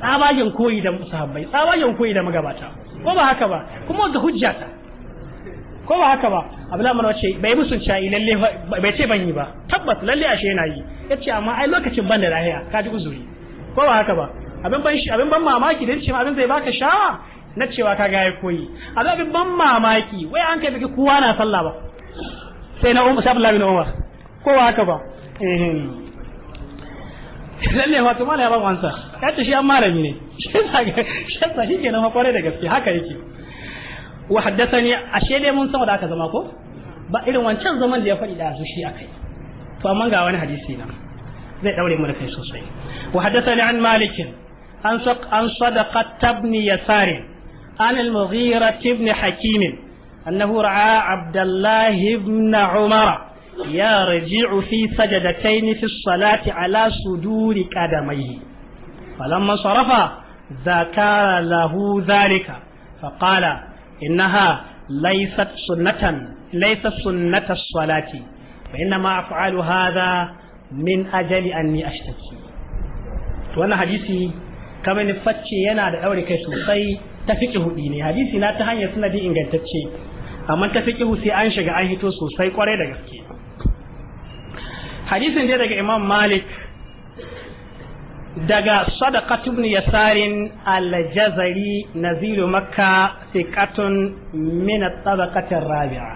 Speaker 2: tsabagen koyi da sahabbai tsabagen koyi da magabata ko ba haka ba kuma ga hujja ta ko ba haka ba abdullahi mana wace bai musu sha'i lalle bai ce ban yi ba tabbas lalle ashe yana yi ya ce amma ai lokacin ban da lahiya ka ji uzuri ko ba haka ba abin ban abin ban mamaki da ce abin zai baka shawa na cewa ka ga ya koyi abin ban mamaki wai an kai biki kowa na sallah ba sai na umar sabla bin umar ko wa haka ba lalle wato mala ya ba wansa ya shi an malami ne <laughs> shi sa shi kenan makware da gaske haka yake wa haddathani ashe dai mun san da aka zama ko ba irin wancan zaman da ya faɗi da su shi akai to amma ga wani hadisi nan zai daure mu da kai sosai wa haddathani an malikin an saq an sadaqat ibn yasar an al-mughira ibn hakim أنه رعى عبد الله بن عمر يرجع في سجدتين في الصلاة على صدور قدميه فلما صرف ذكر له ذلك فقال إنها ليست سنة ليست سنة الصلاة وإنما أفعل هذا من أجل أني أشتكي وأنا حديثي كما نفتشي ينا دعوري كي سوسي ta hudu ne hadisi na ta hanyar sanadi ingantacce amma ta kihu sai an shiga an hito sosai kwarai da gaske hadisin dai daga Imam Malik daga sadaqat ibn yasarin al-jazari nazilu makka thiqatun min at-tabaqati rabia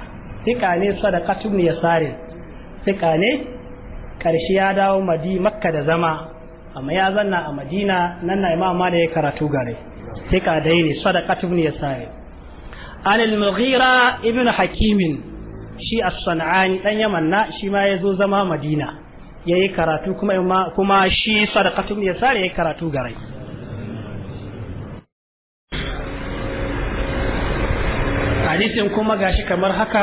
Speaker 2: thiqa ne sadaqat ibn yasarin thiqa ne karshe ya dawo madi makka da zama amma ya zanna a madina nan na imam malik ya karatu gare ثقة ديني صدقة بن يسار عن المغيرة ابن حكيم شي الصنعاني دان يمنا شي ما يزو زما مدينة yayi karatu kuma kuma shi sadaqatun yasar yayi karatu garai hadisin kuma gashi kamar haka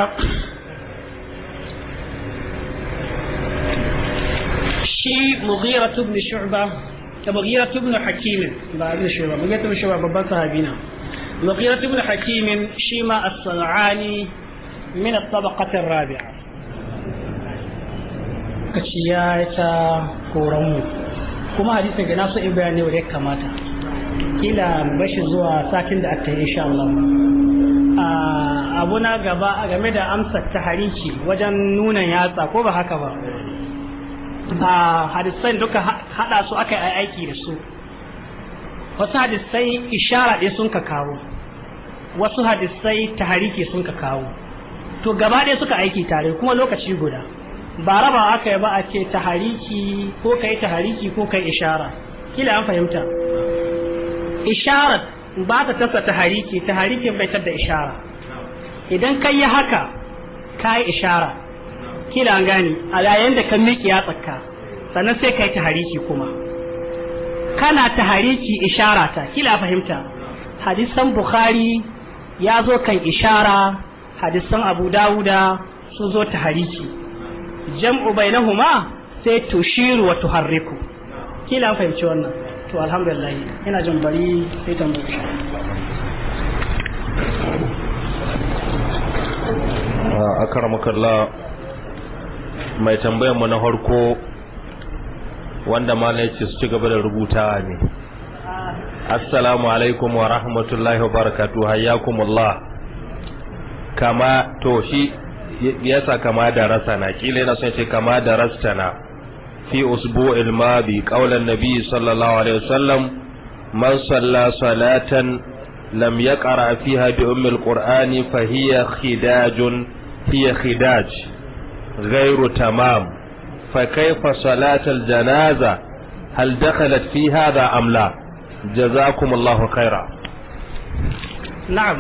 Speaker 2: shi mughiratu ibn shu'ba mughiratu ibn hakim ba ibn shuba mughiratu ibn shuba babban sahabi na mughiratu shi ma as-sanani min at-tabaqati rabia kace ya ta koran kuma hadisin ga nasu in bayani wanda ya kamata kila bashi zuwa satin da aka yi insha Allah abu na gaba game da amsar taharici wajen nuna yatsa ko ba haka ba hadisai duka hada su aka yi aiki da su wasu hadisai ishara ɗaya sun ka kawo wasu hadisai tahariki sun ka kawo to gaba ɗaya suka aiki tare kuma lokaci guda ba raba aka yi ba a ce tahariki ko kai tahariki ko kai ishara kila an fahimta isharar ba ta tasa tahariki tahariki bai tada ishara idan kai yi haka ka yi ishara kila an gani a yayin da ka miƙe ya tsakka sannan sai kai tahariki kuma kana tahariki ishara ta kila fahimta hadisan bukhari ya zo kan ishara hadisan abu dawuda sun zo tahariki jam'u bainahuma sai tushiru wa tuharriku kila an fahimci wannan to alhamdulillah ina jin bari sai tambaye
Speaker 3: a mai tambayar mu na harko wanda malai ce su ci gaba da rubuta ne assalamu alaikum wa rahmatullahi wa barakatuh hayyakumullah kama to shi yasa kama da rasana kila yana son ce kama da rastana fi usbu'il madi qaulan nabi sallallahu alaihi wasallam man salla salatan lam yaqra fiha bi ummil qur'ani fa hiya khidajun hiya khidaj غير تمام فكيف صلاة الجنازة هل دخلت في هذا أم لا جزاكم الله خيرا
Speaker 2: نعم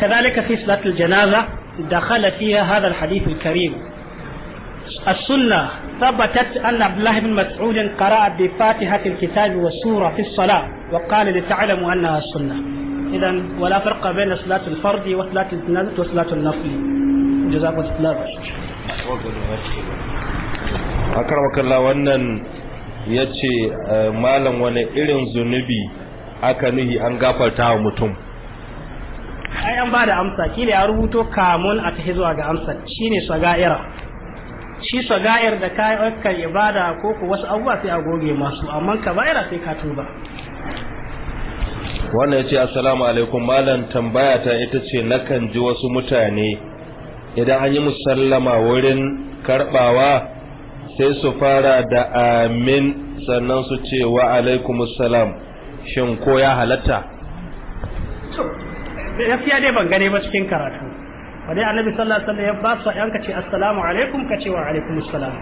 Speaker 2: كذلك في صلاة الجنازة دخل فيها هذا الحديث الكريم السنة ثبتت أن عبد الله بن مسعود قرأ بفاتحة الكتاب والسورة في الصلاة وقال لتعلموا أنها السنة إذا ولا فرق بين صلاة الفرد وصلاة الجنازة وصلاة النفل جزاكم الله خيرا
Speaker 3: a karmakalla wannan ya ce eh, malam wani irin zunubi aka nuhi an gafarta wa mutum
Speaker 2: ai an ba da amsa kila ya rubuto kamun a tafi zuwa ga amsa shi ne shagaira. shi shaga'ir da kayan ibada ko ku wasu abubuwa sai a goge masu amma kaba'ira sai ka tuba
Speaker 3: wannan ya ce assalamu alaikum malam tambaya ta ita ce nakan ji wasu mutane idan an yi musallama wurin karbawa sai su fara da amin sannan su ce wa alaikumussalam shin ko ya halatta
Speaker 2: gaskiya dai ban gane ba cikin karatu wadai annabi sallallahu alaihi wasallam ya ba su ayan kace assalamu alaikum kace wa alaikumussalam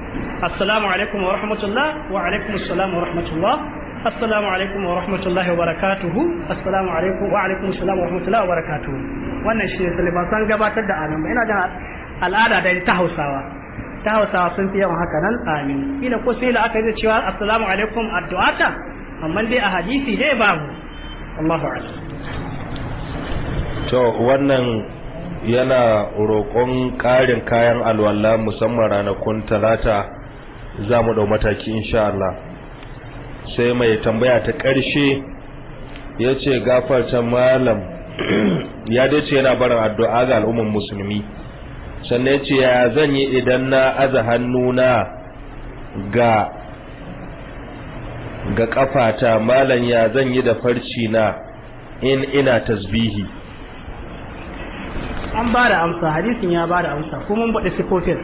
Speaker 2: assalamu alaikum wa rahmatullah wa alaikumussalam wa rahmatullah assalamu alaikum wa rahmatullahi wa barakatuhu assalamu alaikum wa alaikumussalam wa rahmatullahi wa barakatuhu wannan shi ne ban san gabatar da anan ba ina da al'ada da ta hausawa ta hausawa sun fi yawan haka nan amin kila ko sai aka yi cewa assalamu alaikum addu'ata amma dai a hadisi dai babu Allahu
Speaker 1: a'lam
Speaker 3: to wannan yana roƙon ƙarin kayan alwala musamman ranakun talata za mu ɗau mataki insha Allah sai mai tambaya ta ƙarshe ya ce gafarta malam ya dace yana barin addu'a ga al'umman musulmi sannan ya ce ya zan yi idan na aza hannuna ga ga kafata malan ya zan yi da farci na in ina tasbihi
Speaker 2: an ba da amsa hadisin ya ba da amsa kuma mun sifofin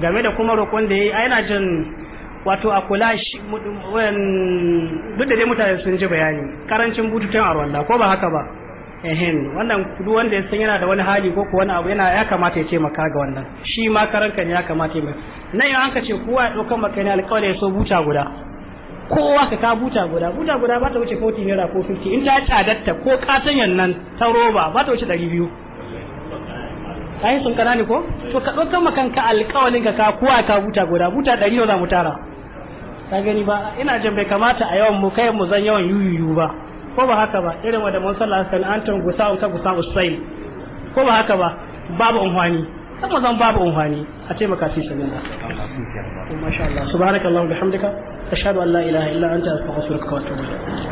Speaker 2: game da kuma roƙon da ya yi a yana jin wato a kula duk da dai mutane sun ji bayani karancin bututun arwanda ko ba haka ba ehem wannan duk wanda ya san yana da wani hali ko ko wani abu yana ya kamata ya taimaka ga wannan shi ma karanka ne ya kamata ya nan yau an ka ce kowa ya ɗaukar maka ne alƙawari ya so buta guda kowa ka ka buta guda buta guda ba ta wuce 40 naira ko 50 in ta tsadatta ko katanyan nan ta roba ba ta wuce 200 ai sun kana ne ko to ka ɗaukar maka ka alƙawarin ka ka kowa ka buta guda buta 100 za mu tara ka gani ba ina jin bai kamata a yawan mu kai mu zan yawan yuyuyu ba ko ba haka ba irin wanda mun sallah tun gusa ka gusa usail ko ba haka ba babu unhwani kan mu zan babu unhwani a ce maka fi sabin da masha Allah subhanakallahumma bihamdika ashhadu an la ilaha illa anta astaghfiruka wa atubu ilayk